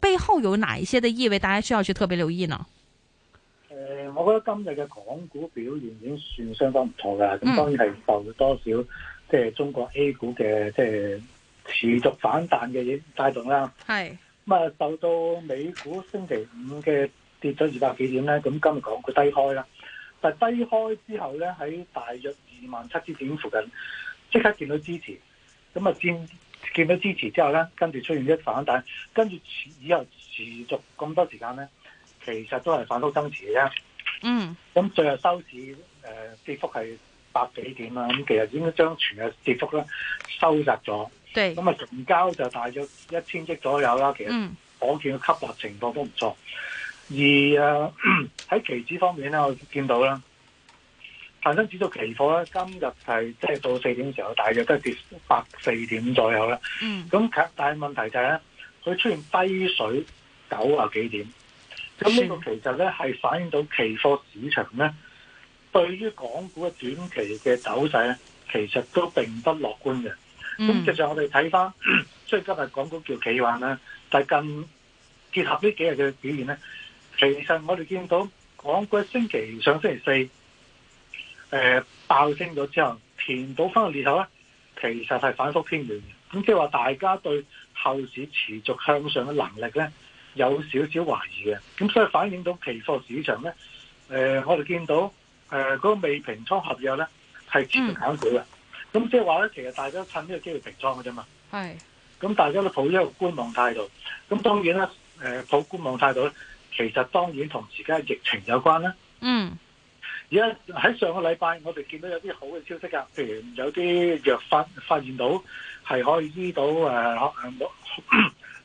背後有哪一些嘅意味，大家需要去特別留意呢？誒、呃，我覺得今日嘅港股表現已經算相當唔錯㗎，咁、嗯、當然係受到多少即係、就是、中國 A 股嘅即係持續反彈嘅影響帶動啦。係咁啊，受到美股星期五嘅跌咗二百幾點咧，咁今日港股低開啦，但係低開之後咧，喺大約二萬七千點附近，即刻見到支持，咁啊占。見到支持之後咧，跟住出現一反彈，跟住以後持續咁多時間咧，其實都係反覆增持嘅啫。嗯，咁最後收市誒跌幅係百幾點啦，咁其實已經將全日跌幅咧收窄咗。對，咁啊成交就大約一千億左右啦。其實我見嘅吸納情況都唔錯。而誒喺期指方面咧，我見到咧。恒生指數期貨咧，今日係即係到四點嘅時候，大約都係跌百四點左右啦。嗯，咁但係問題就係、是、咧，佢出現低水九啊幾點，咁呢個其實咧係反映到期貨市場咧，對於港股嘅短期嘅走勢咧，其實都並不樂觀嘅。咁、嗯、其實我哋睇返，雖然今日港股叫企穩咧，但係近結合呢幾日嘅表現咧，其實我哋見到港股星期上星期四。誒、呃，爆升咗之後填到翻個裂口咧，其實係反復偏軟嘅。咁即係話大家對後市持續向上嘅能力咧，有少少懷疑嘅。咁所以反映到期貨市場咧，誒、呃，我哋見到誒嗰、呃那個未平倉合約咧係持續減少嘅。咁即係話咧，其實大家都趁呢個機會平倉嘅啫嘛。係是。咁大家都抱一個觀望態度。咁當然啦，誒、呃，抱觀望態度咧，其實當然同而家疫情有關啦。嗯。而家喺上個禮拜，我哋見到有啲好嘅消息噶，譬如有啲藥發發現到係可以醫到誒誒、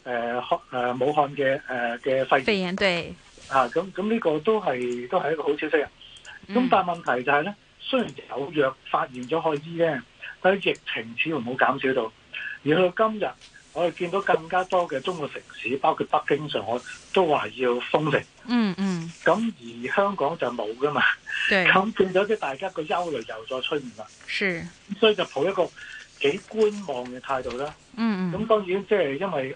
呃呃呃呃、武漢嘅誒嘅肺炎肺炎，對啊，咁咁呢個都係都係一個好消息啊。咁但係問題就係咧，雖然有藥發現咗可以醫咧，但係疫情似乎冇減少到，而去到今日。我哋見到更加多嘅中國城市，包括北京、上海，都話要封城。嗯嗯。咁、嗯、而香港就冇噶嘛。對。咁變咗啲大家個憂慮又再出現啦。係。所以就抱一個幾觀望嘅態度啦。嗯咁當然即係因為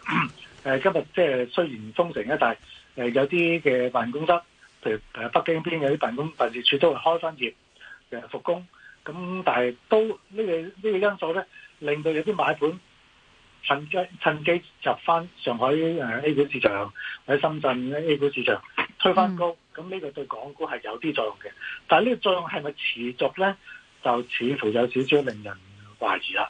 誒今日即係雖然封城咧，但係誒有啲嘅辦公室，譬如誒北京邊有啲辦公辦事處都會開翻業嘅復工，咁但係都呢個呢個因素咧，令到有啲買盤。趁機趁機入返上海 A 股市場，或者深圳 A 股市場推返高，咁呢、嗯、個對港股係有啲作用嘅，但係呢個作用係咪持續咧，就似乎有少少令人懷疑啦。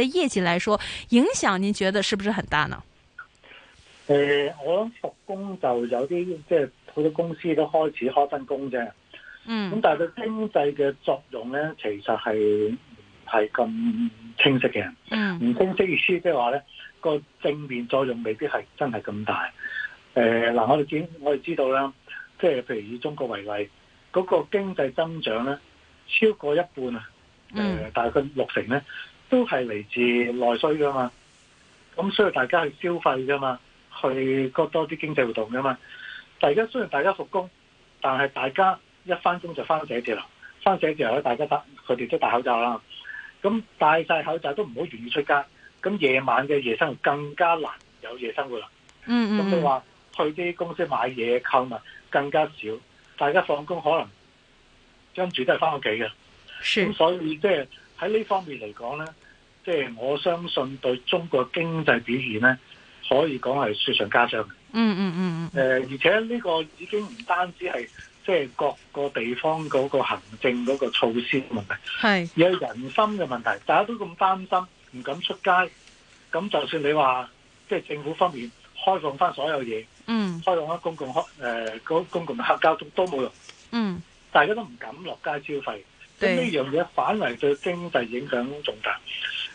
嘅業績嚟說，影響您覺得是不是很大呢？誒、呃，我諗復工就有啲即係好多公司都開始開返工啫。嗯。咁但係佢經濟嘅作用咧，其實係係咁清晰嘅。嗯。唔清晰意思即係話咧，個正面作用未必係真係咁大。誒、呃，嗱、呃，我哋知我哋知道啦，即係譬如以中國為例，嗰、那個經濟增長咧超過一半啊，誒、呃，大概六成咧。嗯都係嚟自內需噶嘛，咁需要大家去消費噶嘛，去多啲經濟活動噶嘛。大家雖然大家復工，但係大家一翻工，就翻寫字樓，翻寫字樓咧，大家戴佢哋都戴口罩啦。咁戴晒口罩都唔好願意出街。咁夜晚嘅夜生活更加難有夜生活啦。嗯嗯。咁你話去啲公司買嘢、購物更加少，大家放工可能跟住都係翻屋企嘅。咁所以即係。就是喺呢方面嚟講呢即係、就是、我相信對中國經濟表現呢，可以講係雪上加霜。嗯嗯嗯。誒、嗯嗯呃，而且呢個已經唔單止係即係各個地方嗰個行政嗰個措施問題，係是而係人心嘅問題。大家都咁擔心，唔敢出街。咁就算你話即係政府方面開放翻所有嘢，嗯，開放翻、嗯、公共開誒、呃、公共客交通都冇用。嗯，大家都唔敢落街消費。咁呢樣嘢反而對經濟影響重大。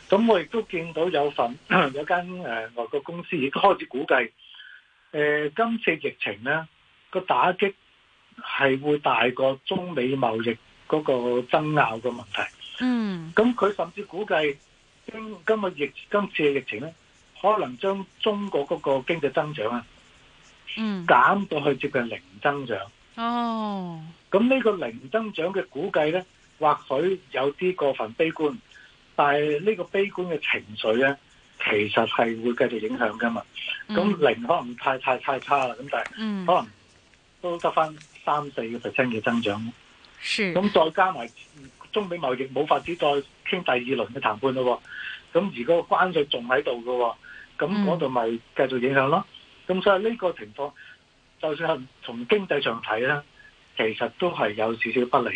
咁我亦都見到有份有間誒、呃、外國公司亦都開始估計，誒、呃、今次疫情咧個打擊係會大過中美貿易嗰個爭拗嘅問題。嗯，咁佢甚至估計今今日疫今次嘅疫、疫情咧，可能將中國嗰個經濟增長啊，嗯，減到去接近零增長。哦，咁呢個零增長嘅估計咧？或許有啲過分悲觀，但係呢個悲觀嘅情緒咧，其實係會繼續影響㗎嘛。咁、嗯、零可能太太太差啦，咁但係可能都得返三四個 percent 嘅增長。是。咁再加埋中美貿易冇法子再傾第二輪嘅談判咯、哦。咁而個關稅仲喺度嘅，咁嗰度咪繼續影響咯。咁、嗯、所以呢個情況，就算係從經濟上睇咧，其實都係有少少不利。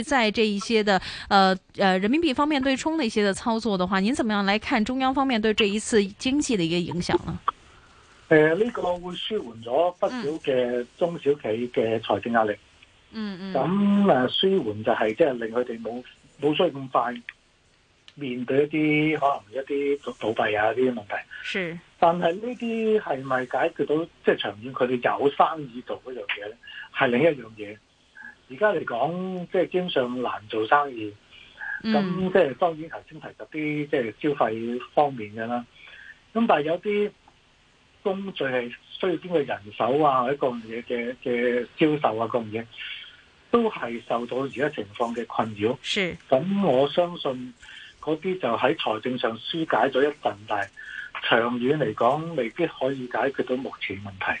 在這一些的，呃，呃，人民幣方面對沖的一些的操作的話，您怎麼樣來看中央方面對這一次經濟的一個影響呢？誒、呃，呢、呢個會舒緩咗不少嘅中小企嘅財政壓力。嗯嗯。咁、嗯、誒，舒緩就係即係令佢哋冇冇需要咁快面對一啲可能一啲倒閉啊呢啲問題。是。但係呢啲係咪解決到即係、即係、長遠佢哋有生意做嗰樣嘢咧？係另一樣嘢。而家嚟講，即係經常難做生意。咁即係當然頭先提及啲即係消費方面嘅啦。咁但係有啲工序係需要經過人手啊，或者各樣嘢嘅嘅銷售啊，各樣嘢都係受到而家情況嘅困擾。咁是我相信嗰啲就喺財政上紓解咗一陣，但係長遠嚟講未必可以解決到目前問題。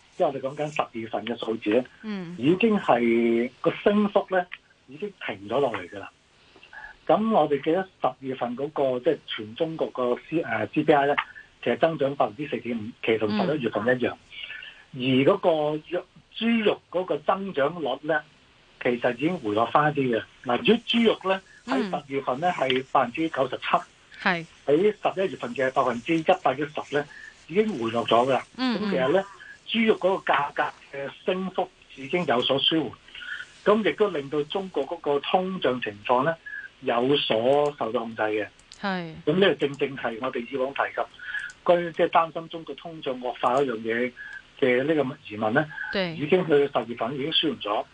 即我哋講緊十二月份嘅數字咧，已經係個升幅咧已經停咗落嚟噶啦。咁我哋記得十二月份嗰個即係全中國個 C 誒 CPI 咧，其實增長百分之四點五，其實同十一月份一樣。而嗰個豬肉豬肉嗰個增長率咧，其實已經回落翻啲嘅。嗱，如果豬肉咧喺十二月份咧係百分之九十七，係喺十一月份嘅百分之一百一十咧已經回落咗噶啦。咁其實咧。豬肉嗰個價格嘅升幅已經有所舒緩，咁亦都令到中國嗰個通脹情況咧有所受到控制嘅。係是，咁呢個正正係我哋以往提及關於即係擔心中國通脹惡化一樣嘢嘅呢個疑問咧，對已經去到十月份已經舒緩咗。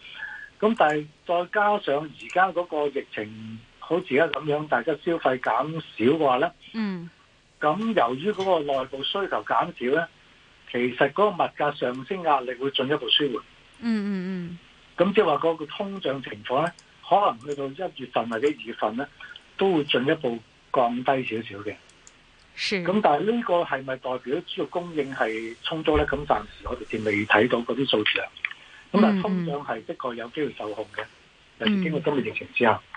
咁但係再加上而家嗰個疫情，好似而家咁樣，大家消費減少嘅話咧，嗯，咁由於嗰個內部需求減少咧。其實嗰個物價上升壓力會進一步舒緩、mm，嗯嗯嗯，咁即係話個通脹情況咧，可能去到一月份或者二月份咧，都會進一步降低少少嘅。咁是但係呢個係咪代表主要供應係充足咧？咁暫時我哋仲未睇到嗰啲數字啊。咁但啊，通脹係的確有機會受控嘅，尤其是經過今年疫情之後。Mm hmm. mm hmm.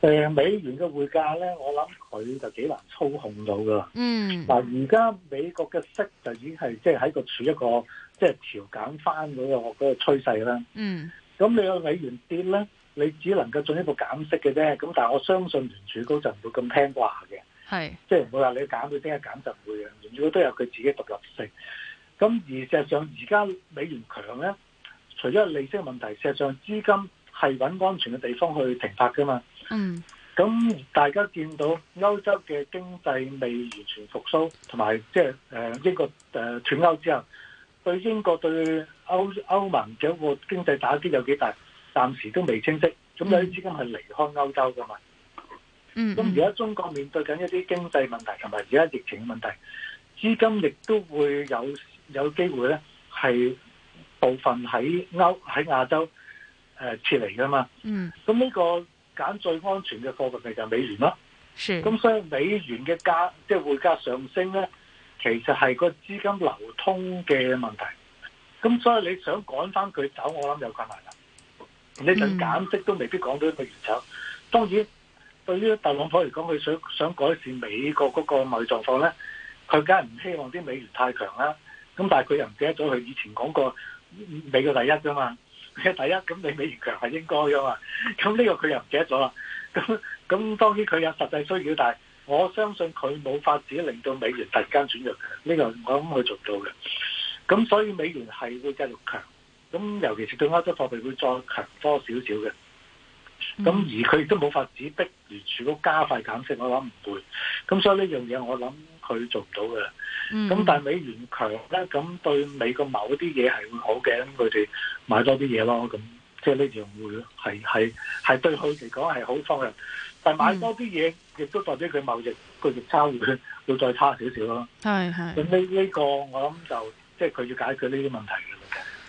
誒、呃，美元嘅匯價咧，我諗佢就幾難操控到噶。嗯，嗱，而家美國嘅息就已經係即係喺個處一個即係調減翻嗰個嗰個趨勢啦。嗯，咁你個美元跌咧，你只能夠進一步減息嘅啫。咁，但我相信聯儲高就唔會咁聽話嘅，係即係唔會話你減佢點樣減就唔會嘅。聯儲高都有佢自己獨立性。咁而事實上，而家美元強咧，除咗利息問題，事實上資金係揾安全嘅地方去停泊噶嘛。嗯，咁大家見到歐洲嘅經濟未完全復蘇，同埋即係誒英國誒脫歐之後，對英國對歐歐盟嘅一個經濟打擊有幾大，暫時都未清晰。咁有啲資金係離開歐洲噶嘛？嗯，咁而家中國面對緊一啲經濟問題，同埋而家疫情嘅問題，資金亦都會有有機會咧，係部分喺歐喺亞洲誒撤離噶嘛？嗯，咁呢個。揀最安全嘅貨幣就係美元啦，咁是所以美元嘅價即匯價上升咧，其實係個資金流通嘅問題，咁所以你想趕翻佢走，我諗有困難。你就減息都未必講到一個原走。當然，對於特朗普嚟講，佢想想改善美國嗰個貿易狀況咧，佢梗係唔希望啲美元太強啦。咁但係佢又唔記得咗佢以前講過美國第一噶嘛。第一，咁你美元強係應該啊嘛，咁呢個佢又唔記得咗啦，咁咁當然佢有實際需要，但係我相信佢冇法子令到美元突然間轉弱嘅，呢個我諗佢做唔到嘅。咁所以美元係會繼續強，咁尤其是對歐洲貨幣會再強多少少嘅。咁而佢亦都冇法子逼聯儲局加快減息，我諗唔會。咁所以呢樣嘢我諗。佢做唔到嘅，咁、嗯、但係美元強咧，咁對美國某一啲嘢係會好嘅，咁佢哋買多啲嘢咯，咁即係呢樣會係係係對佢嚟講係好方向，但係買多啲嘢、嗯、亦都代表佢貿易個逆差會要再差少少咯。係係是是、這個，咁呢呢個我諗就即係佢要解決呢啲問題。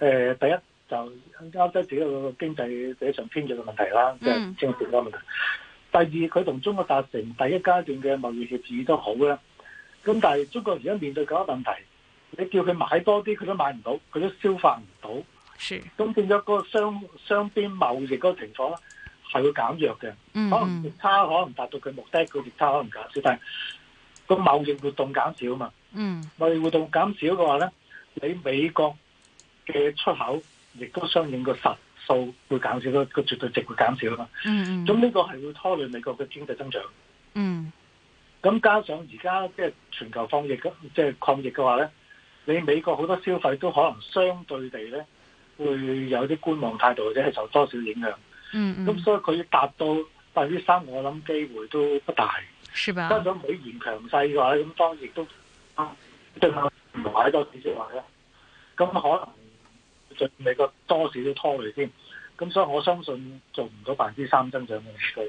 誒，第一就歐洲自己個經濟非常偏弱嘅問題啦，即係經濟結構問題。第二，佢同中國達成第一階段嘅貿易協議都好啦。咁但係中國而家面對嗰個問題，你叫佢買多啲，佢都買唔到，佢都消化唔到。是。咁變咗個雙雙邊貿易嗰個情況係會減弱嘅。嗯。可能逆差可能達到佢目的，佢逆差可能減少，但係個貿易活動減少啊嘛。嗯。貿易活動減少嘅話咧，你美國。嘅出口亦都相應個實數會減少，個個絕對值會減少啊嘛。嗯、mm，咁、hmm. 呢個係會拖累美國嘅經濟增長。嗯、mm，咁、hmm. 加上而家即係全球防疫、就是、抗疫，即係抗疫嘅話咧，你美國好多消費都可能相對地咧會有啲觀望態度，或者係受多少影響。嗯咁、mm hmm. 所以佢達到百分之三，我諗機會都不大。是吧？加上美元強勢嘅話，咁當然亦都即係唔買多美元啦。咁可能。美國多事都拖累添，咁所以我相信做唔到百分之三增長嘅預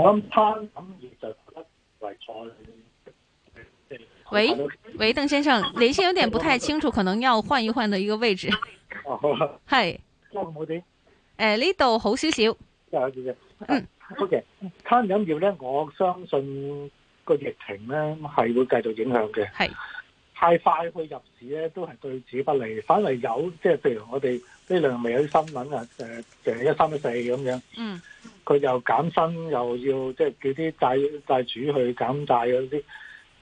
我諗餐飲業就覺得為錯，即喂喂，鄧先生 你先有點不太清楚，可能要換一換的一個位置。哦，係，都冇點，誒呢度好少少。嗯，O K，餐飲業咧，我相信個疫情咧係會繼續影響嘅。係， 太快去入市咧，都係對此不利，反為有即係，譬如我哋。呢兩日咪有啲新聞啊，誒誒一三一四咁樣，佢、嗯、又減薪又要即係叫啲債債主去減債嗰啲，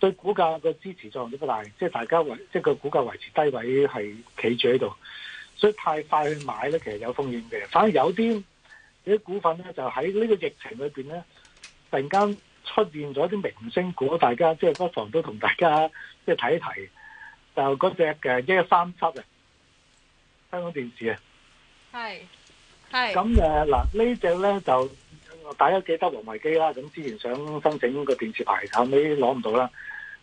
對股價個支持作用都不大，即、就、係、是、大家維即係個股價維持低位係企住喺度，所以太快去買咧，其實有風險嘅。反而有啲有啲股份咧，就喺呢個疫情裏邊咧，突然間出現咗啲明星股，大家即係、就是、不妨都同大家即係睇一睇，就嗰隻誒一三七啊。香港電視啊，係，係，咁誒嗱呢隻咧就大家記得黃維基啦。咁之前想申請個電視牌，後尾攞唔到啦。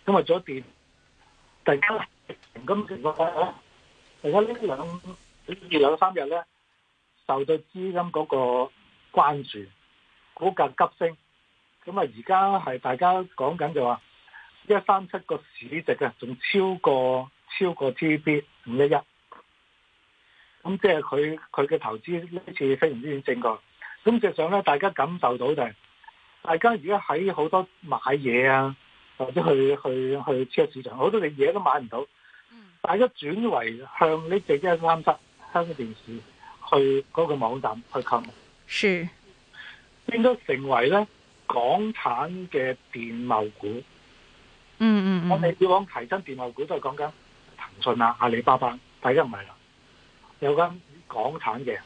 咁啊，咗電，突然間，突然間疫情呢兩二兩三日咧，受到資金嗰個關注，股價急升。咁啊，而家係大家講緊就話一三七個市值啊，仲超過超過 T B 五一一。咁即係佢佢嘅投資呢次非常之正確。咁實際上咧，大家感受到就係、是，大家而家喺好多買嘢啊，或者去去去超級市場，好多嘅嘢都買唔到。是大家轉為向呢隻嘅啱測香港電視去嗰個網站去購物。是應該成為咧港產嘅電貿股。嗯嗯嗯，我哋以往提親電貿股都係講緊騰訊啊、阿里巴巴，大家唔係有間港產嘅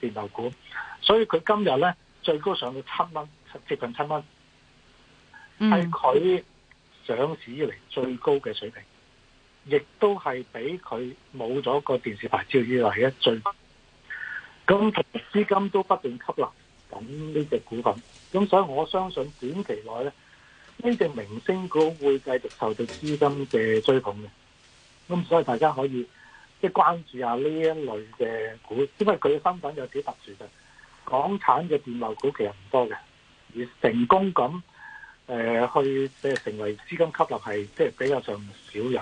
電流股，所以佢今日咧最高上到七蚊，接近七蚊，係佢上市以嚟最高嘅水平，亦都係俾佢冇咗個電視牌照以嚟嘅最高。咁資金都不斷吸納緊呢隻股份，咁所以我相信短期內咧，呢隻明星股會繼續受到資金嘅追捧嘅，咁所以大家可以。即係關注下呢一類嘅股，因為佢嘅身份有幾特殊嘅。港產嘅電力股其實唔多嘅，而成功咁誒去即係成為資金吸入係即係比較上少有。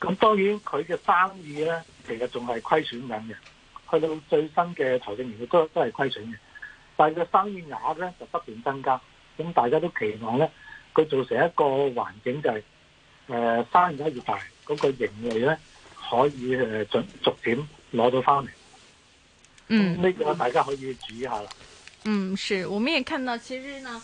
咁當然佢嘅生意咧，其實仲係虧損緊嘅。去到最新嘅財政年度都都係虧損嘅，但係佢生意額咧就不斷增加。咁大家都期望咧，佢造成一個環境就係、是、誒、呃、生意額越大，嗰個盈利咧。可以誒，逐逐點攞到翻嚟。嗯，呢個大家可以注意下啦。嗯，是，我們也看到，其實呢，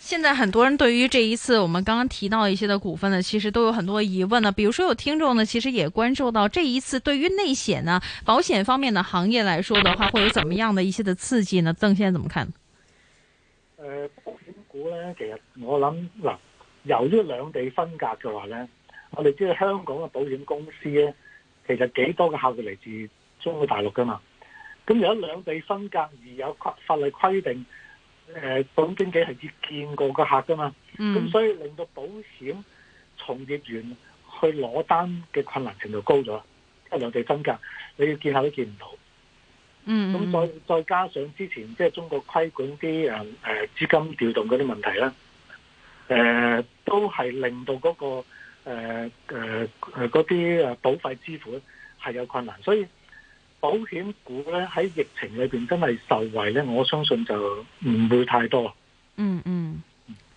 現在很多人對於這一次我們剛剛提到一些的股份呢，其實都有很多疑問呢。比如說有聽眾呢，其實也關注到這一次對於內險呢、保險方面的行業來說的話，會有怎麼樣的一些的刺激呢？鄧先生怎麼看？誒、呃，保險股呢，其實我諗嗱、呃，由於兩地分隔嘅話呢，我哋知道香港嘅保險公司咧。其實幾多嘅客戶嚟自中國大陸噶嘛？咁有兩地分隔而有法例規定，誒、呃，保險經紀係要見過個客噶嘛？咁、嗯、所以令到保險從業員去攞單嘅困難程度高咗，因為兩地分隔，你要見下都見唔到。嗯。咁再再加上之前即係、就是、中國規管啲誒誒資金調動嗰啲問題啦，誒、呃，都係令到嗰、那個。誒誒誒，嗰啲誒保費支付係有困難，所以保險股咧喺疫情裏邊真係受惠咧，我相信就唔會太多。嗯嗯。嗯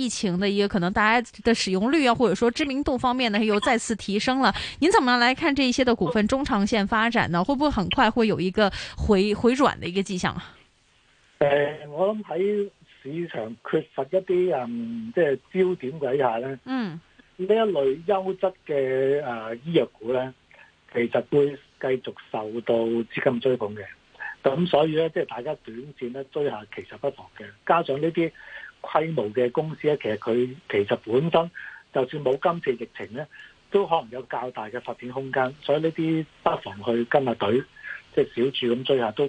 疫情的一個可能，大家的使用率啊，或者說知名度方面呢，又再次提升了。您怎麼來看這一些的股份中長線發展呢？會不會很快會有一個回回轉的一個跡象啊？誒、呃，我諗喺市場缺乏一啲人即係焦點底下咧，嗯，呢嗯這一類優質嘅誒、呃、醫藥股咧，其實會繼續受到資金追捧嘅。咁所以咧，即係大家短線咧追下其實不妨嘅，加上呢啲。規模嘅公司咧，其實佢其實本身就算冇今次疫情咧，都可能有較大嘅發展空間，所以呢啲不妨去跟下隊，即係小注咁追下都。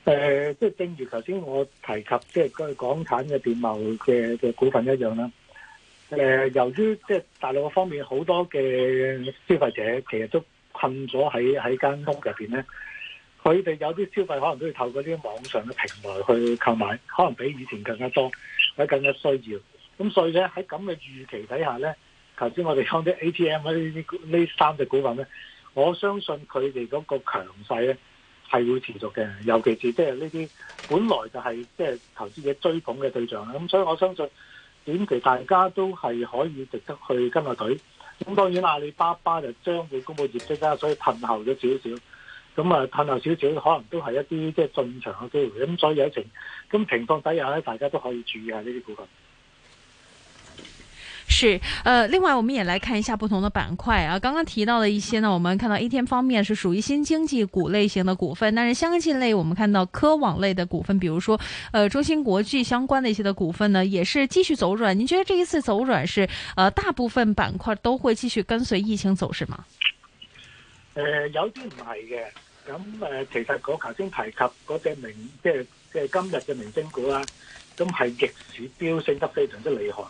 誒，即係、呃就是、正如頭先我提及，即係佢港產嘅電貿嘅嘅股份一樣啦。誒、呃，由於即係大陸方面很的，好多嘅消費者其實都困咗喺喺間屋入邊咧，佢哋有啲消費可能都要透過啲網上嘅平台去購買，可能比以前更加多，或更加需要。咁所以咧，喺咁嘅預期底下咧，頭先我哋講啲 ATM 呢呢呢三隻股份咧，我相信佢哋嗰個強勢咧，係會持續嘅，尤其是即係呢啲本來就係即係投資者追捧嘅對象啦。咁所以我相信短期大家都係可以值得去跟下隊。咁當然阿里巴巴就將會公布業績啦，所以褪後咗少少。咁啊褪後少少，可能都係一啲即係進場嘅機會。咁所以有時咁情況底下咧，大家都可以注意一下呢啲股份。是，呃，另外我們也來看一下不同的板塊啊。剛剛提到的一些呢，我們看到 ATM 方面是屬於新經濟股類型的股份，但是相近類我們看到科網類的股份，比如說，呃，中芯國際相關的一些的股份呢，也是繼續走軟。您覺得這一次走軟是呃，大部分板塊都會繼續跟隨疫情走是嗎？呃，有啲唔係嘅，咁誒、呃，其實我頭先提及嗰隻名，即係即係今日嘅明星股啦，啊，咁係逆市飆升得非常之厲害。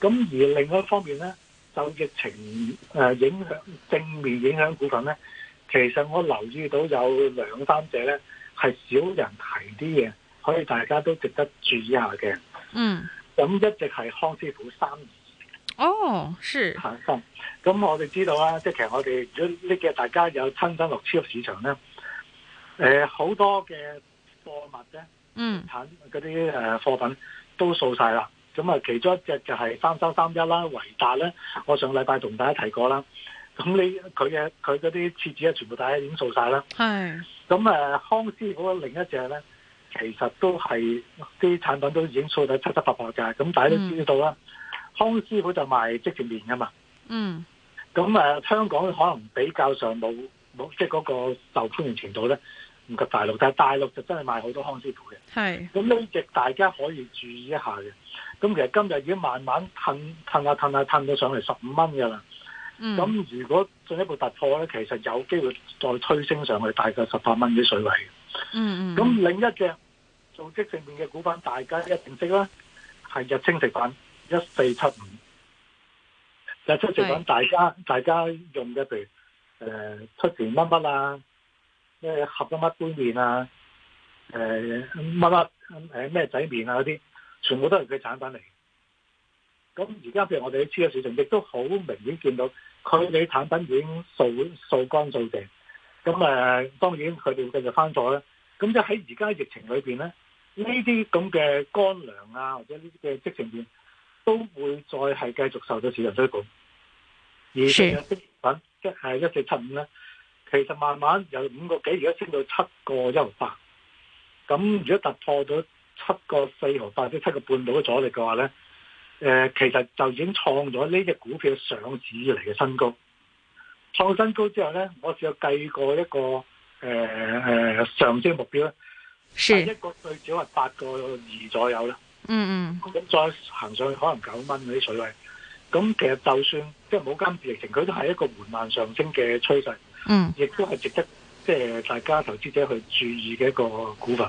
咁而另外一方面咧，就疫情影響正面影響股份咧，其實我留意到有兩三隻咧係少人提啲嘢，可以大家都值得注意下嘅。嗯，咁一直係康師傅三二二哦，係。騰咁我哋知道啦、啊，即係其實我哋如果呢幾日大家有親身落超級市場咧，好、呃、多嘅貨物咧，嗯，產嗰啲貨品都掃晒啦。咁啊，其中一隻就係三三三一啦，維達咧，我上個禮拜同大家提過啦。咁你佢嘅佢嗰啲廁紙啊，全部大家已經掃晒啦。係是。咁啊，康師傅另一隻咧，其實都係啲產品都已經掃得七七八八㗎。咁大家都知道啦，嗯、康師傅就賣即食麵㗎嘛。嗯。咁啊，香港可能比較上冇冇即係嗰個受歡迎程度咧，唔及大陸。但係大陸就真係賣好多康師傅嘅。係是。咁呢隻大家可以注意一下嘅。咁其實今日已經慢慢褪褪下褪下褪到上嚟十五蚊噶啦，咁、mm. 如果進一步突破咧，其實有機會再推升上去大概十八蚊啲水位。嗯、mm，咁、hmm. 另一隻組織性麵嘅股份，大家一定識啦，係日清食品，一四七五。日清食品大家的大家用嘅，譬如誒、呃、出前乜乜啊，咩合乜杯麵啊，誒乜乜誒咩仔麵啊嗰啲。全部都係佢產品嚟，咁而家譬如我哋喺超級市場，亦都好明顯見到佢哋產品已經掃掃乾掃淨，咁誒當然佢哋會繼續翻貨咧。咁即喺而家疫情裏邊咧，呢啲咁嘅乾糧啊，或者呢啲嘅即食麪都會再係繼續受到市場追捧。而即食品即係一四七五咧，其實慢慢由五個幾而家升到七個一六八，咁如果突破咗七個四毫八，即七個半度嘅阻力嘅話咧，誒、呃，其實就已經創咗呢隻股票上市以嚟嘅新高。創新高之後咧，我只有計過一個誒誒、呃呃、上升目標，係是一個最少係八個二左右啦。嗯嗯，咁再行上去可能九蚊嗰啲水位。咁其實就算即係冇跟疫情，佢都係一個緩慢上升嘅趨勢。嗯，亦都係值得即係大家投資者去注意嘅一個股份。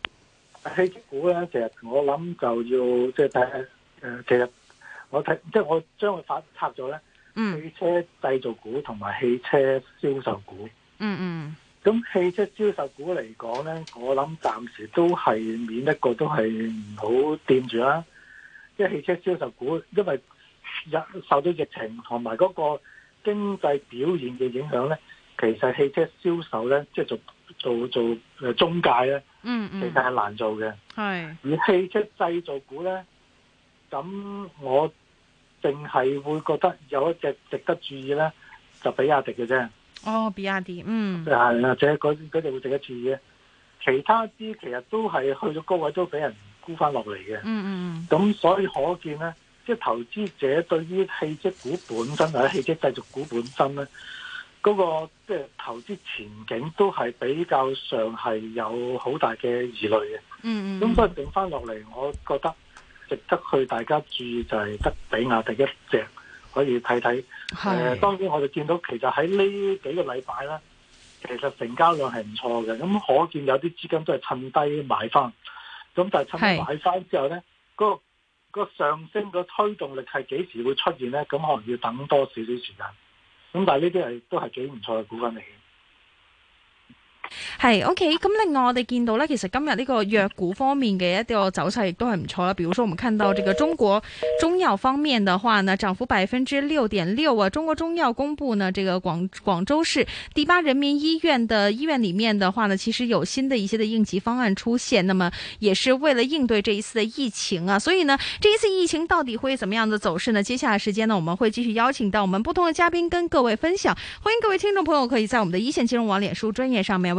汽車股咧，其實我諗就要即係睇誒，其實我睇即係我將佢分拆咗咧，汽車製造股同埋汽車銷售股，嗯嗯，咁汽車銷售股嚟講咧，我諗暫時都係免得過都係唔好掂住啦。即係汽車銷售股，因為受咗疫情同埋嗰個經濟表現嘅影響咧，其實汽車銷售咧，即係仲。做做誒中介咧，嗯嗯，其實係難做嘅。係是而汽車製造股咧，咁我淨係會覺得有一隻值得注意咧，就比亞迪嘅啫。哦，比亞迪，嗯，即係或者佢哋會值得注意嘅，其他啲其實都係去到高位都俾人沽翻落嚟嘅。嗯嗯嗯。咁所以可見咧，即係投資者對於汽車股本身或者汽車製造股本身咧。嗰、那個即係投資前景都係比較上係有好大嘅疑慮嘅。嗯嗯、mm。咁所以整翻落嚟，我覺得值得去大家注意就係得比亞迪一隻可以睇睇。係是。誒、呃、當然我哋見到其實喺呢幾個禮拜咧，其實成交量係唔錯嘅。咁可見有啲資金都係趁低買翻。咁但係趁低買翻之後咧，嗰是、那個那個上升嘅推動力係幾時會出現咧？咁可能要等多少少時間。咁但係呢啲係都係幾唔錯嘅股份嚟嘅。係 OK，咁另外我哋見到呢其實今日呢個藥股方面嘅一啲走勢亦都係唔錯啦。比如說，我們看到這個中國中藥方面的話呢，漲幅百分之六點六啊。中國中藥公布呢，這個廣廣州市第八人民醫院的醫院裏面的話呢，其實有新的一些的應急方案出現，那麼也是為了應對這一次的疫情啊。所以呢，這一次疫情到底會怎麼樣的走勢呢？接下來時間呢，我們會繼續邀請到我們不同的嘉賓跟各位分享。歡迎各位聽眾朋友可以在我們的一線金融網臉書專頁上面。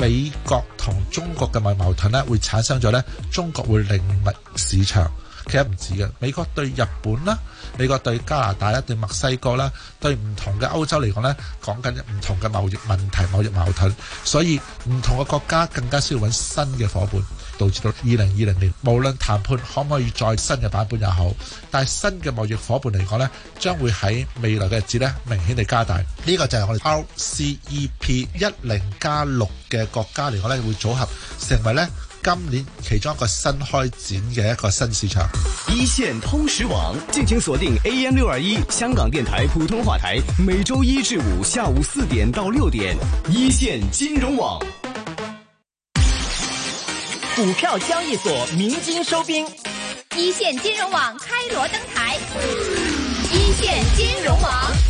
美國同中國嘅矛盾咧，會產生咗咧，中國會另覓市場。其實唔止嘅，美國對日本啦，美國對加拿大啦，對墨西哥啦，對唔同嘅歐洲嚟講呢，講緊唔同嘅貿易問題、貿易矛盾，所以唔同嘅國家更加需要揾新嘅伙伴，導致到二零二零年，無論談判可唔可以再新嘅版本也好，但係新嘅貿易伙伴嚟講呢，將會喺未來嘅日子呢，明顯地加大。呢個就係我哋 RCEP 一零加六嘅國家嚟講呢會組合成為呢。今年其中一個新開展嘅一個新市場。一線通識網，敬請鎖定 AM 六二一香港電台普通話台，每周一至五下午四點到六點。一線金融網，股票交易所鳴金收兵。一線金融網開鑼登台。一線金融網。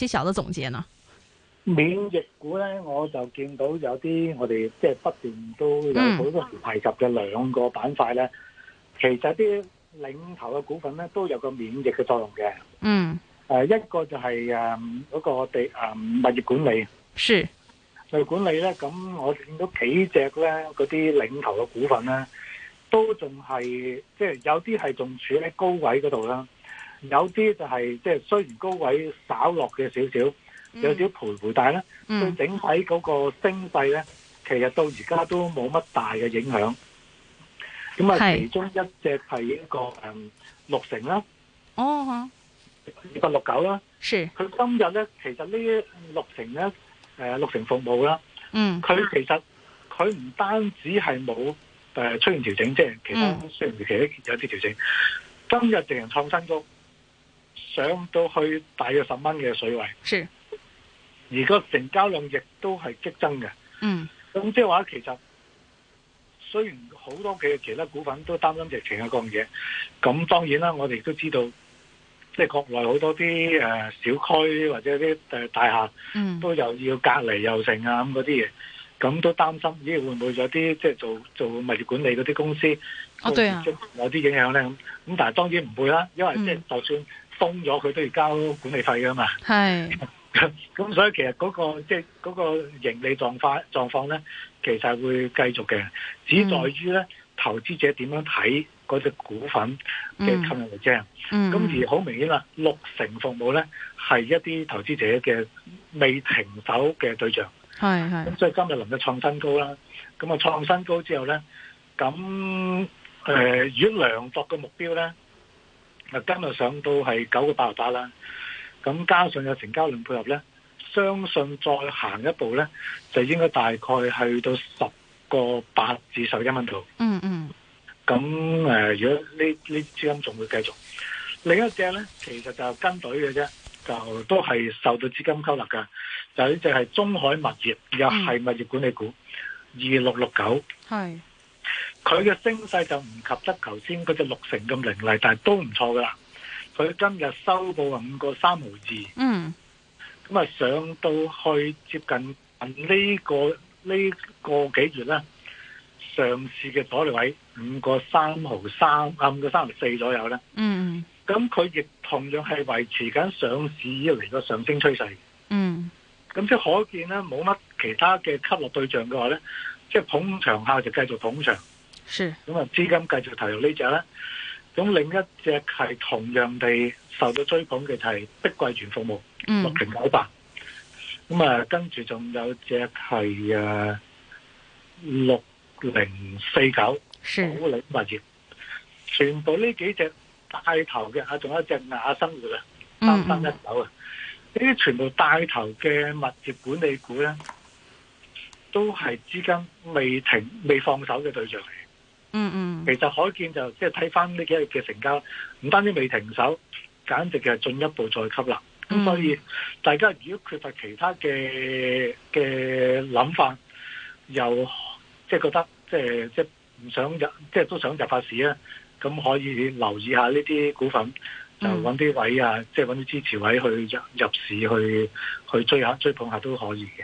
啲小嘅總結呢？免疫股呢，我就見到有啲我哋即係不斷都有好多時提及嘅兩個板塊呢。嗯、其實啲領頭嘅股份呢，都有個免疫嘅作用嘅。嗯，誒、呃，一個就係誒嗰個地誒、嗯、物業管理。是物業管理呢。咁我見到幾隻呢，嗰啲領頭嘅股份呢，都仲係即係有啲係仲處喺高位嗰度啦。有啲就係即係雖然高位稍落嘅少少，有少徘徊。但係咧對整體嗰個升勢咧，其實到而家都冇乜大嘅影響。咁啊，其中一隻係一個誒是、嗯、六成啦，哦，二百六九啦，是佢今日咧，其實呢六成咧，誒六成服務啦，嗯，佢其實佢唔單止係冇誒出現調整，即係其他、嗯、雖然其實有啲調整，今日直情創新高。上到去大約十蚊嘅水位，是，而個成交量亦都係激增嘅。嗯，咁即係話其實，雖然好多嘅其他股份都擔心疫情嘅各樣嘢，咁當然啦，我哋都知道，即係國內好多啲誒小區或者啲誒大廈，都有要隔離又剩啊咁嗰啲嘢，咁都擔心，咦會唔會有啲即係做做物業管理嗰啲公司，哦，對啊，有啲影響咧，咁但係當然唔會啦，因為即係就算，嗯。封咗佢都要交管理費噶嘛？係，咁所以其實嗰個即係嗰個盈利狀況狀況咧，其實會繼續嘅，只在於咧投資者點樣睇嗰隻股份嘅吸引力啫。咁而好明顯啦，六成服務咧係一啲投資者嘅未停手嘅對象。係係。咁所以今日能夠創新高啦，咁啊創新高之後咧，咁誒，如果量度嘅目標咧。嗱，今日上到係九個八十八啦，咁加上有成交量配合咧，相信再行一步咧，就應該大概去到十個八至十一蚊度。嗯嗯，咁誒、呃，如果呢呢資金仲會繼續，另一隻咧其實就跟隊嘅啫，就都係受到資金吸納㗎。就呢隻係中海物業，又係物業管理股二六六九。嗯佢嘅升勢就唔及得頭先嗰隻六成咁凌厲，但係都唔錯噶啦。佢今日收報五個三毫二，嗯，咁啊上到去接近呢個呢個幾月咧，上市嘅阻力位五個三毫三、五個三毫四左右咧，嗯，咁佢亦同樣係維持緊上市以嚟個上升趨勢，嗯，咁即係可見咧，冇乜其他嘅吸落對象嘅話咧，即係捧場下就繼續捧場。咁啊，資金繼續投入呢隻啦。咁另一隻係同樣地受到追捧嘅就係碧桂園服務六零九八。咁啊，跟住仲有隻係誒六零四九保利物業。全部呢幾隻帶頭嘅啊，仲有一隻雅生活啊，三三一九啊。呢啲全部帶頭嘅物業管理股咧，都係資金未停未放手嘅對象嚟。嗯嗯，嗯其實可見就即係睇翻呢幾日嘅成交，唔單止未停手，簡直就係進一步再吸納。咁、嗯、所以大家如果缺乏其他嘅嘅諗法，又即係、就是、覺得即係即係唔想入，即、就、係、是、都想入市啊，咁可以留意下呢啲股份，就揾啲位啊，即係揾啲支持位去入入市去去追下追捧下都可以嘅。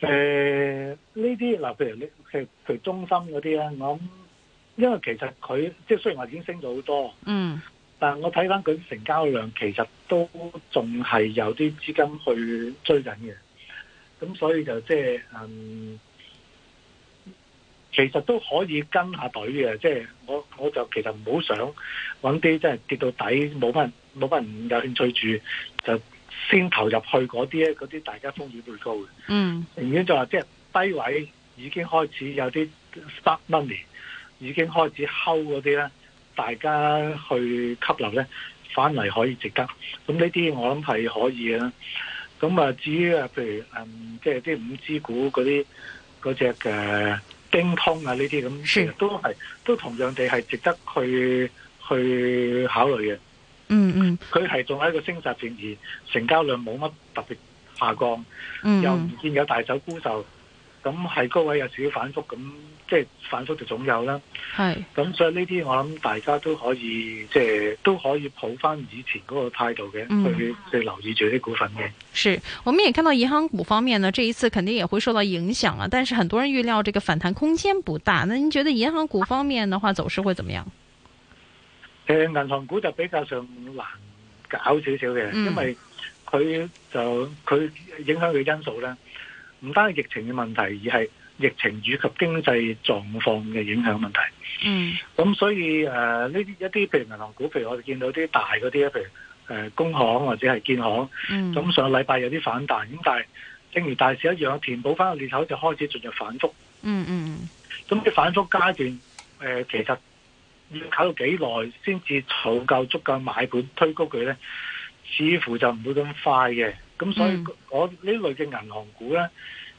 誒，呢啲嗱，譬如你，譬如中芯啲咧，我諗因為其實佢即係雖然話已經升咗好多，嗯，但係我睇翻佢成交量，其實都仲係有啲資金去追緊嘅，咁所以就即係，嗯，其實都可以跟下隊嘅，即係我我就其實唔好想揾啲即係跌到底，冇乜冇乜人有興趣住就。先投入去嗰啲咧，嗰啲大家風險會高嘅。嗯，寧願就話即係低位已經開始有啲 spark money，已經開始睺嗰啲咧，大家去吸流吸納咧，翻嚟可以值得。咁呢啲我諗係可以嘅。咁啊，至於啊，譬如嗯，即係啲五 G 股嗰啲嗰隻嘅京通啊呢啲咁，其實都係都同樣地係值得去去考慮嘅。嗯，佢係仲係一個升勢呈現，成交量冇乜特別下降，嗯、又唔見有大手沽售，咁係高位有少少反復，咁即係反復就總有啦。係是，咁所以呢啲我諗大家都可以即係都可以抱翻以前嗰個態度嘅、嗯，去留意住啲股份嘅。是，我們也看到銀行股方面呢，這一次肯定也會受到影響啊。但是很多人預料這個反彈空間不大，那你覺得銀行股方面的話走勢會怎麼樣？誒，銀行股就比較上難搞少少嘅，嗯、因為佢就佢影響嘅因素咧，唔單係疫情嘅問題，而係疫情以及經濟狀況嘅影響問題。嗯，咁所以誒呢一啲譬如銀行股，譬如我哋見到啲大嗰啲咧，譬如誒、呃、工行或者係建行，咁、嗯、上個禮拜有啲反彈，咁但係正如大市一樣，填補翻個裂口就開始進入反復、嗯。嗯嗯，咁啲反復階段，誒、呃、其實。要搞到幾耐先至儲夠足夠買盤推高佢呢？似乎就唔會咁快嘅。咁所以我呢類嘅銀行股呢，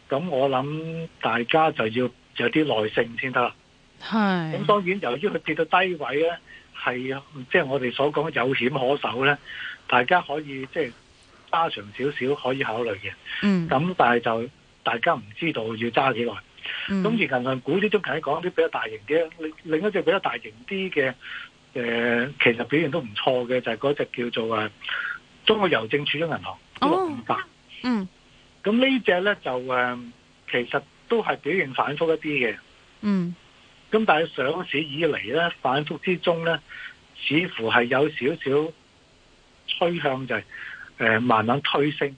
咁我諗大家就要有啲耐性先得啦。咁是當然由於佢跌到低位呢，係呀，即係我哋所講有險可守呢，大家可以即係揸長少少可以考慮嘅。咁、嗯、但係就大家唔知道要揸幾耐。咁、嗯、而銀行股之中，頭先講啲比較大型嘅，另另一隻比較大型啲嘅，誒、呃，其實表現都唔錯嘅，就係嗰隻叫做啊中國郵政儲蓄銀行六五八，哦、嗯，咁呢隻咧就誒，其實都係表現反覆一啲嘅，嗯，咁但係上市以嚟咧，反覆之中咧，似乎係有少少趨向就係、是、誒、呃，慢慢推升。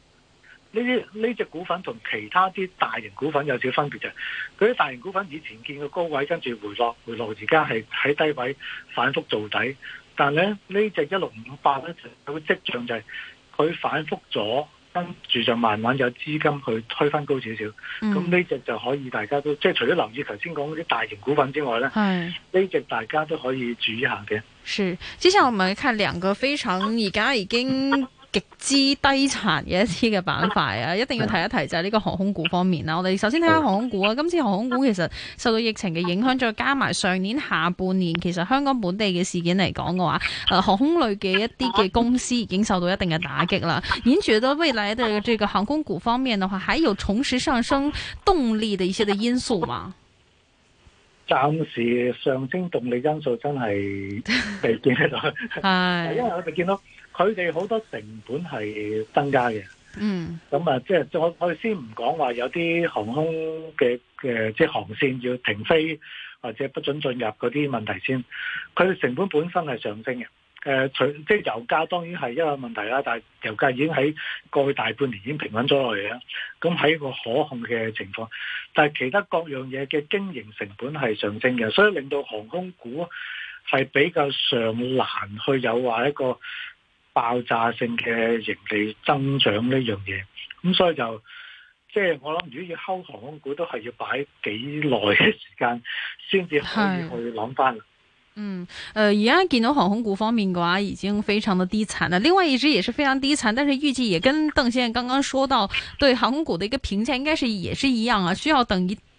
呢啲呢隻股份同其他啲大型股份有少少分別，就係嗰啲大型股份以前見過高位，跟住回落回落，而家係喺低位反覆做底。但咧呢這隻一六五八咧，佢個跡象就係佢反覆咗，跟住就慢慢有資金去推返高少少。咁呢、嗯、隻就可以大家都即係除咗留意頭先講嗰啲大型股份之外咧，呢是隻大家都可以注意一下嘅。是，接下我們看兩個非常而家已經。 極之低殘嘅一啲嘅板塊啊，一定要提一提就係呢個航空股方面啦，啊。我哋首先睇下航空股啊，今次航空股其實受到疫情嘅影響，再加埋上年下半年，其實香港本地嘅事件嚟講嘅話，誒、啊、航空類嘅一啲嘅公司已經受到一定嘅打擊啦。你覺得未來嘅這個航空股方面嘅話，還有重拾上升動力的一些的因素嗎？暫時上升動力因素真係未見到，係因為我哋見到。 的佢哋好多成本係增加嘅，嗯，咁啊，即係我哋先唔講話有啲航空嘅、嘅即係航綫要停飛或者不准進入嗰啲問題先，佢成本本身係上升嘅，誒、呃，除即係油價當然係一個問題啦，但係油價已經喺過去大半年已經平穩咗落嚟啦，咁喺個可控嘅情況，但係其他各樣嘢嘅經營成本係上升嘅，所以令到航空股係比較上難去有話一個。爆炸性嘅盈利增長呢樣嘢，咁所以就即係我諗，如果要敲航空股，都係要擺幾耐嘅時間，先至可以去諗翻。嗯，誒、呃，而家見到航空股方面嘅話，已經非常的低殘啦。另外一支也是非常低殘，但是預計也跟鄧先生剛剛說到對航空股嘅一個評價，應該是也是一樣啊，需要等一。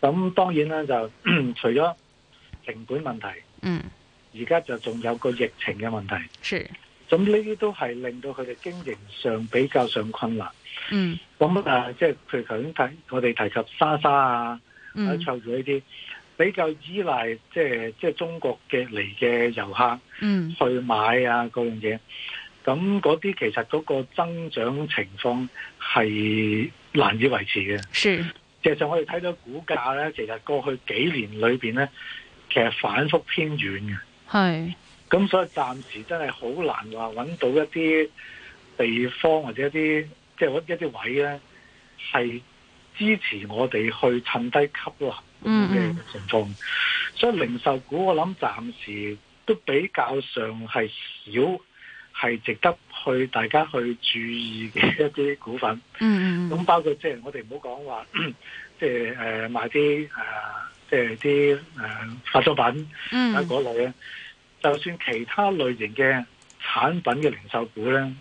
咁當然啦，就除咗成本問題，嗯，而家就仲有個疫情嘅問題，是，咁呢啲都係令到佢哋經營上比較上困難，嗯，咁誒那，即係譬如頭先睇我哋提及莎莎啊，卓悅、呢啲比較依賴、就是，即係即係中國嘅嚟嘅遊客，嗯，去買啊嗰、嗯、樣嘢，咁嗰啲其實嗰個增長情況係難以維持嘅，是。其實我哋睇到股價咧，其實過去幾年裏邊咧，其實反覆偏軟嘅。係是，咁所以暫時真係好難話搵到一啲地方或者一啲即係一啲位咧，係支持我哋去趁低吸納嘅情況。嗯、所以零售股我諗暫時都比較上係少。係值得去大家去注意嘅一啲股份，咁、嗯、包括即、就、係、是、我哋唔好講話，即係誒買啲誒即係啲誒化妝品啊嗰、嗯、類咧，就算其他類型嘅產品嘅零售股咧，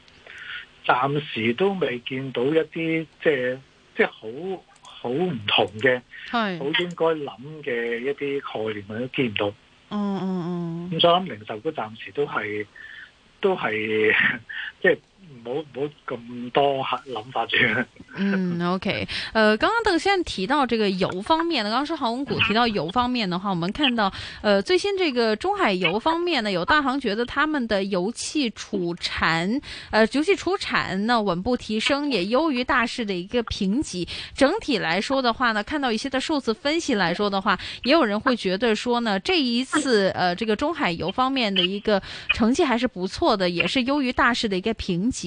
暫時都未見到一啲即係即係好好唔同嘅，係好是應該諗嘅一啲概念我都見唔到，嗯嗯嗯，咁、嗯嗯、所以諗零售股暫時都係。都係即係。即係唔好唔好咁多諗法住。嗯，OK，呃，剛剛鄧先生提到這個油方面呢，剛剛說航空股提到油方面的話，我們看到呃最新這個中海油方面呢，有大行覺得他們的油氣儲產呃油氣儲產那穩步提升，也優於大市的一個評級。整體來說的話呢，看到一些的數字分析來說的話，也有人會覺得說呢，這一次呃這個中海油方面的一個成績還是不錯的，也是優於大市的一個評級。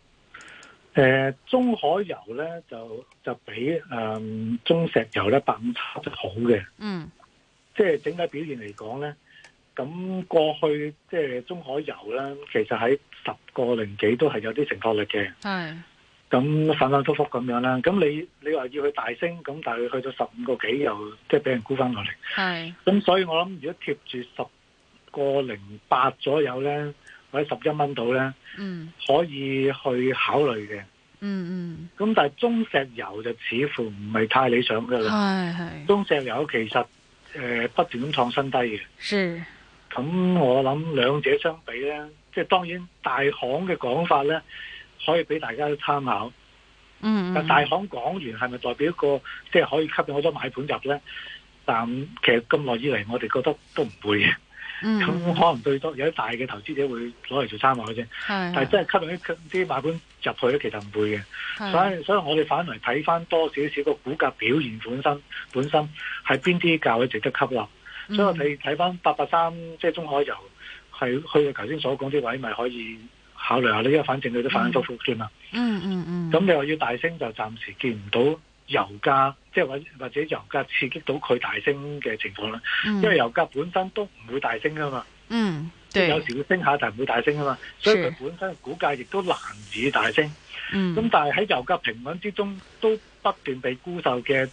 誒、呃，中海油咧，就就比誒、嗯、中石油咧百五差得好嘅，嗯，即係整體表現嚟講咧，咁過去即係、就是、中海油咧，其實喺十個零幾都係有啲承托力嘅，係是，咁反反覆覆咁樣啦，咁你你話要去大升，咁但係去到十五個幾又即係俾人沽翻落嚟，係是，咁所以我諗如果貼住十個零八左右咧。或者十一蚊到咧，呢嗯、可以去考慮嘅、嗯。嗯嗯。咁但係中石油就似乎唔係太理想噶啦。係係。中石油其實誒、呃、不斷咁創新低嘅。是。咁我諗兩者相比咧，即、就、係、是、當然大行嘅講法咧，可以俾大家參考。嗯但大行講完係咪代表個即係可以吸引好多買盤入咧？但其實咁耐以嚟，我哋覺得都唔會嘅。咁、嗯、可能最多有啲大嘅投資者會攞嚟做參考先，的但係真係吸引啲啲買盤入去咧，其實唔會嘅的。所以所以，我哋反而睇翻多少少個股價表現本身，本身係邊啲價位值得吸入。嗯、所以我睇睇翻八八三，即係中海油，係去頭先所講啲位，咪可以考慮下呢？因為反正佢都反反覆覆嘛。嗯嗯嗯。咁你話要大升，就暫時見唔到油價。即係或或者油價刺激到佢大升嘅情況啦，嗯、因為油價本身都唔會大升㗎嘛。嗯，對，有時會升下，但係唔會大升㗎嘛。所以佢本身股價亦都難以大升。嗯，咁但係喺油價平穩之中，都不斷被沽售嘅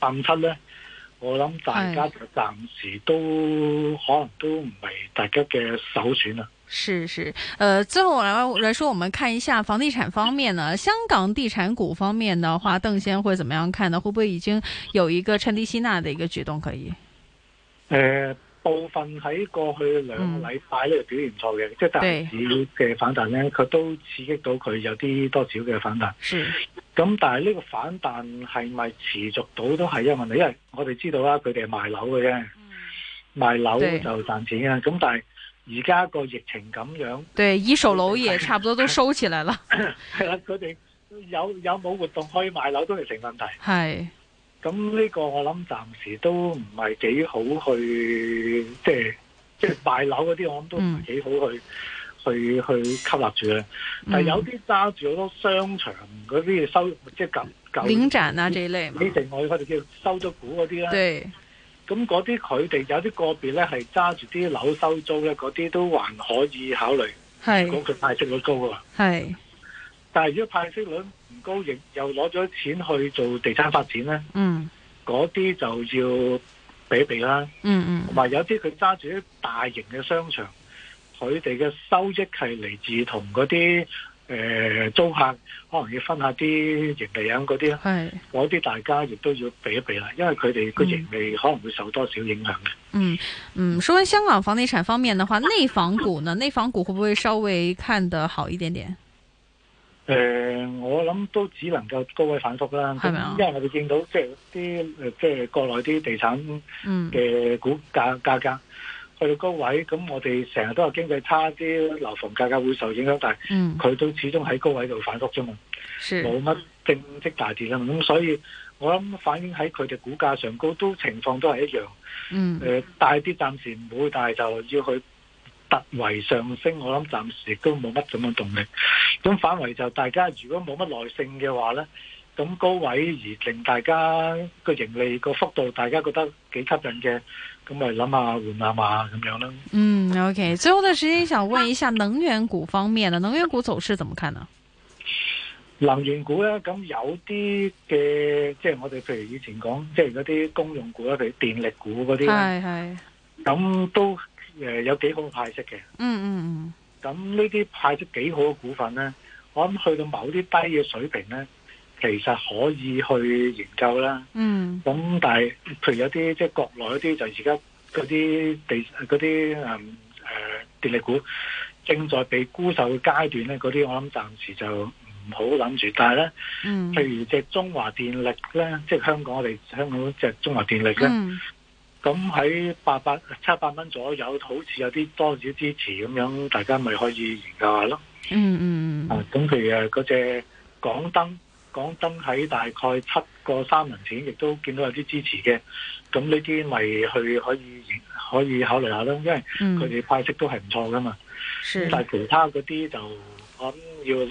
暗出咧，我諗大家就暫時都是可能都唔係大家嘅首選啦。是是，呃，最後我來來說，我們看一下房地產方面呢，香港地產股方面的話，鄧先會怎麼樣看呢？會不會已經有一個趁低吸納的一個舉動？可以？誒、呃，部分喺過去兩個禮拜咧，表現唔錯嘅，即係大市嘅反彈呢，佢都刺激到佢有啲多少嘅反彈。咁是但係呢個反彈係咪持續到都係一個問題？因為我哋知道啦、啊，佢哋賣樓嘅啫，嗯、賣樓就賺錢啊。咁對但係。而家個疫情咁樣，對二手樓也差唔多都收起嚟啦。係啦 佢哋有有冇活動可以買樓都係成問題。係咁呢個我諗暫時都唔係幾好去，即係即係賣樓嗰啲，我諗都唔係幾好去、嗯、去去吸納住啦。但係有啲揸住好多商場嗰啲收入，即係減減。領展啊，這類呢正可以叫收咗股嗰啲啦。對。咁嗰啲佢哋有啲個別咧，係揸住啲樓收租咧，嗰啲都還可以考慮。係是，咁佢派息率高啊，係是。但係如果派息率唔高，亦又攞咗錢去做地產發展咧，嗯，嗰啲就要比比啦。嗯嗯，同埋有啲佢揸住啲大型嘅商場，佢哋嘅收益係嚟自同嗰啲。誒、呃，租客可能要分一下啲盈利啊，嗰啲，是，嗰啲大家亦都要避一避啦，因為佢哋個盈利可能會受多少影響嘅。嗯嗯，所以香港房地產方面嘅話， 內房股呢？內房股會唔會稍微看得好一點點？誒、呃，我諗都只能夠高位反復啦，係咪啊，因為我哋見到即係啲誒，即係國內啲地產嘅股價，嗯，價格。去到高位，咁我哋成日都話經濟差啲，樓房價格會受影響，但係佢都始終喺高位度反覆啫嘛，冇乜的正式大跌啦嘛，咁所以我諗反映喺佢嘅股價上高，都情況都係一樣。誒、嗯呃，帶啲暫時唔會，但係就要去突圍上升，我諗暫時都冇乜咁嘅動力。咁反為就大家如果冇乜耐性嘅話呢，咁高位而令大家個盈利個幅度，大家覺得幾吸引嘅。咁咪諗下換下嘛，咁樣咯。嗯，OK，最後的時間想問一下能源股方面的，能源股走勢怎麼看呢？能源股咧，咁有啲嘅，即係我哋譬如以前講，即係嗰啲公用股啦，譬如電力股嗰啲，係係。咁都誒、呃、有幾好嘅派息嘅、嗯。嗯嗯嗯。咁呢啲派息幾好嘅股份咧，我諗去到某啲低嘅水平咧。其實可以去研究啦、嗯就是，嗯，咁但係譬如有啲即係國內嗰啲就而家嗰啲地啲誒誒電力股正在被沽售嘅階段咧，嗰啲我諗暫時就唔好諗住。但係咧，嗯、譬如隻中華電力咧，即、就、係、是、香港我哋香港隻中華電力咧，咁喺八百七百蚊左右，好似有啲多少支持咁樣，大家咪可以研究下咯、嗯。嗯嗯，啊，咁譬如啊嗰隻港燈。港燈喺大概七個三文錢，亦都見到有啲支持嘅，咁呢啲咪去可以可以考慮下咯，因為佢哋派息都係唔錯㗎嘛。嗯、但係其他嗰啲就我諗要。